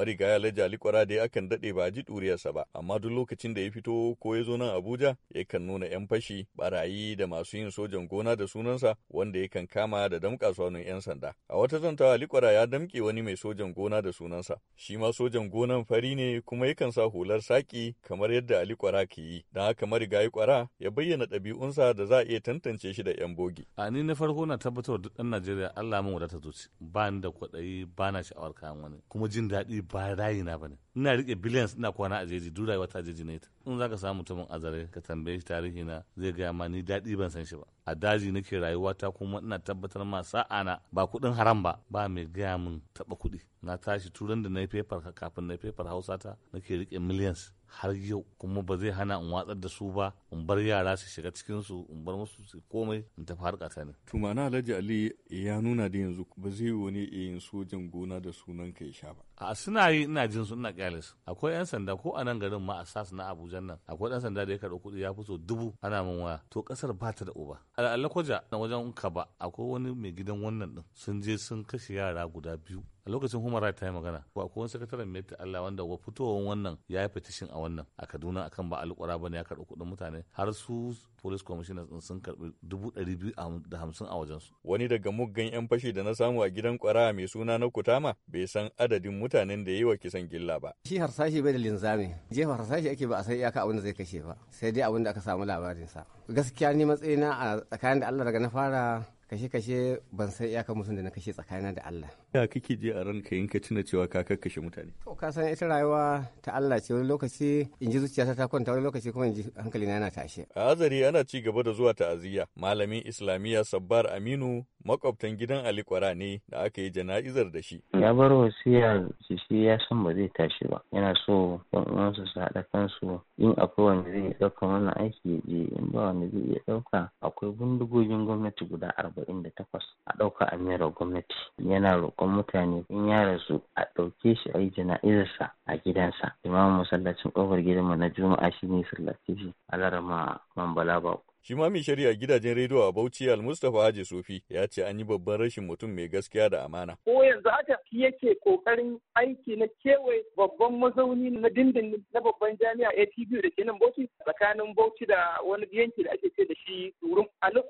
marigaya Alhaji Ali Kwara dai akan daɗe ba ji ɗuriyarsa ba, amma duk lokacin da ya fito ko ya zo nan Abuja yakan nuna 'yan fashi, barayi da masu yin sojan gona da sunansa wanda yakan kama da damƙa su 'yan sanda. A wata zantawa likwara ya damƙe wani mai sojan gona da sunansa, shi ma sojan gonan fari ne kuma yakan sa hular saki kamar yadda Ali Kwara ke yi, don haka marigayi Kwara ya bayyana ɗabi'unsa da za a iya tantance shi da 'yan bogi. A ni na farko na tabbatar da ɗan Najeriya Allah mun wadata zuci, ba ni da kwaɗayi ba na sha'awar kayan wani, kuma jin daɗi ba rayi na ne ina rike billions ina kwana a jeji duk rayuwa ta jeji ne ita in zaka samu mutumin azare ka tambaye shi tarihi na zai gaya ma ni daɗi ban san shi ba a daji nake rayuwa ta kuma ina tabbatar ma sa'ana ba kuɗin haram ba ba mai gaya mun taɓa kuɗi na tashi turan da na fefar kafin na fefar hausa ta nake rike millions har yau kuma ba zai hana in watsar da su ba in bar yara su shiga cikin su in bar musu su komai in tafi harka ta ne na alhaji ali ya nuna da yanzu ba zai yi wani yin sojan gona da sunan ka ya sha ba a suna yi ina jin su ina kyale akwai yan sanda ko a nan garin ma a sas na abuja nan akwai dan sanda da ya karɓi kuɗi ya fi so dubu ana min waya to kasar ba ta da uba al'alla na wajen kaba akwai wani mai gidan wannan din sun je sun kashe yara guda biyu a lokacin human ta yi magana ko wani sakataren mai Allah wanda wa fitowar wannan ya yi fetishin a wannan a Kaduna akan ba alƙura ne ya karɓi kuɗin mutane har su police commissioners din sun karɓi dubu ɗari biyu da hamsin a wajensu. Wani daga muggan 'yan fashi da na samu a gidan kwara mai suna na Kutama bai san adadin mutanen da ya yi wa kisan gilla ba. Shi harsashi bai da linzami jefa harsashi ake ba a san iyaka abin da zai kashe ba sai dai abin da aka samu labarinsa. Gaskiya ni matsayina a tsakanin da Allah daga na fara kashe-kashe ban san iyakar musun da na kashe tsakanina da Allah. Ya kake je a ranka in ka tuna cewa ka kakkashe mutane? To ka san ita rayuwa ta Allah ce wani lokaci in ji zuciyata ta kwanta wani lokaci kuma in ji hankalina yana tashe. A azari ana ci gaba da zuwa ta'aziyya. Malamin Islamiyya Sabbar Aminu makwabtan gidan Ali ne da aka yi jana'izar da shi. Ya bar wasiya shi ya san ba zai tashi ba. Yana so ɗan uwansa su haɗa kansu in akwai wanda zai ɗauka mana aiki ya je in ba wanda zai iya ɗauka akwai bindigogin gwamnati guda arba. arba'in da takwas a ɗauka a mera gwamnati yana roƙon mutane in ya rasu a ɗauke shi a yi jana'izarsa a gidansa imamu masallacin ƙofar gidanmu na juma'a shi ne shi alarama mambala ba Shi mai shari'a gidajen rediyo a Bauchi AlMustapha mustapha Haji Sufi ya ce an yi babban rashin mutum mai gaskiya da amana. Ko yanzu haka fi yake kokarin aiki na kewaye babban mazauni na dindindin na babban jami'a atv da ke nan Bauchi tsakanin Bauchi da wani yanki da ake ce da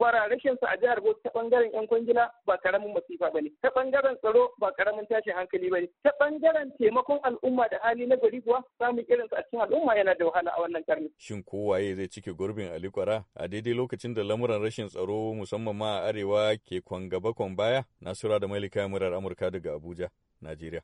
kwara rashin sa a jihar Bauchi ta bangaren yan kwangila ba karamin masifa ba ne ta bangaren tsaro ba karamin tashin hankali ba ne ta bangaren taimakon al'umma da hali na gari kuwa samun irin sa a cikin al'umma yana da wahala a wannan karni shin kowaye zai cike gurbin Ali Kwara a daidai lokacin da lamuran rashin tsaro musamman ma a arewa ke kwan gaba kwan baya Nasura da Malika murar Amurka daga Abuja Najeriya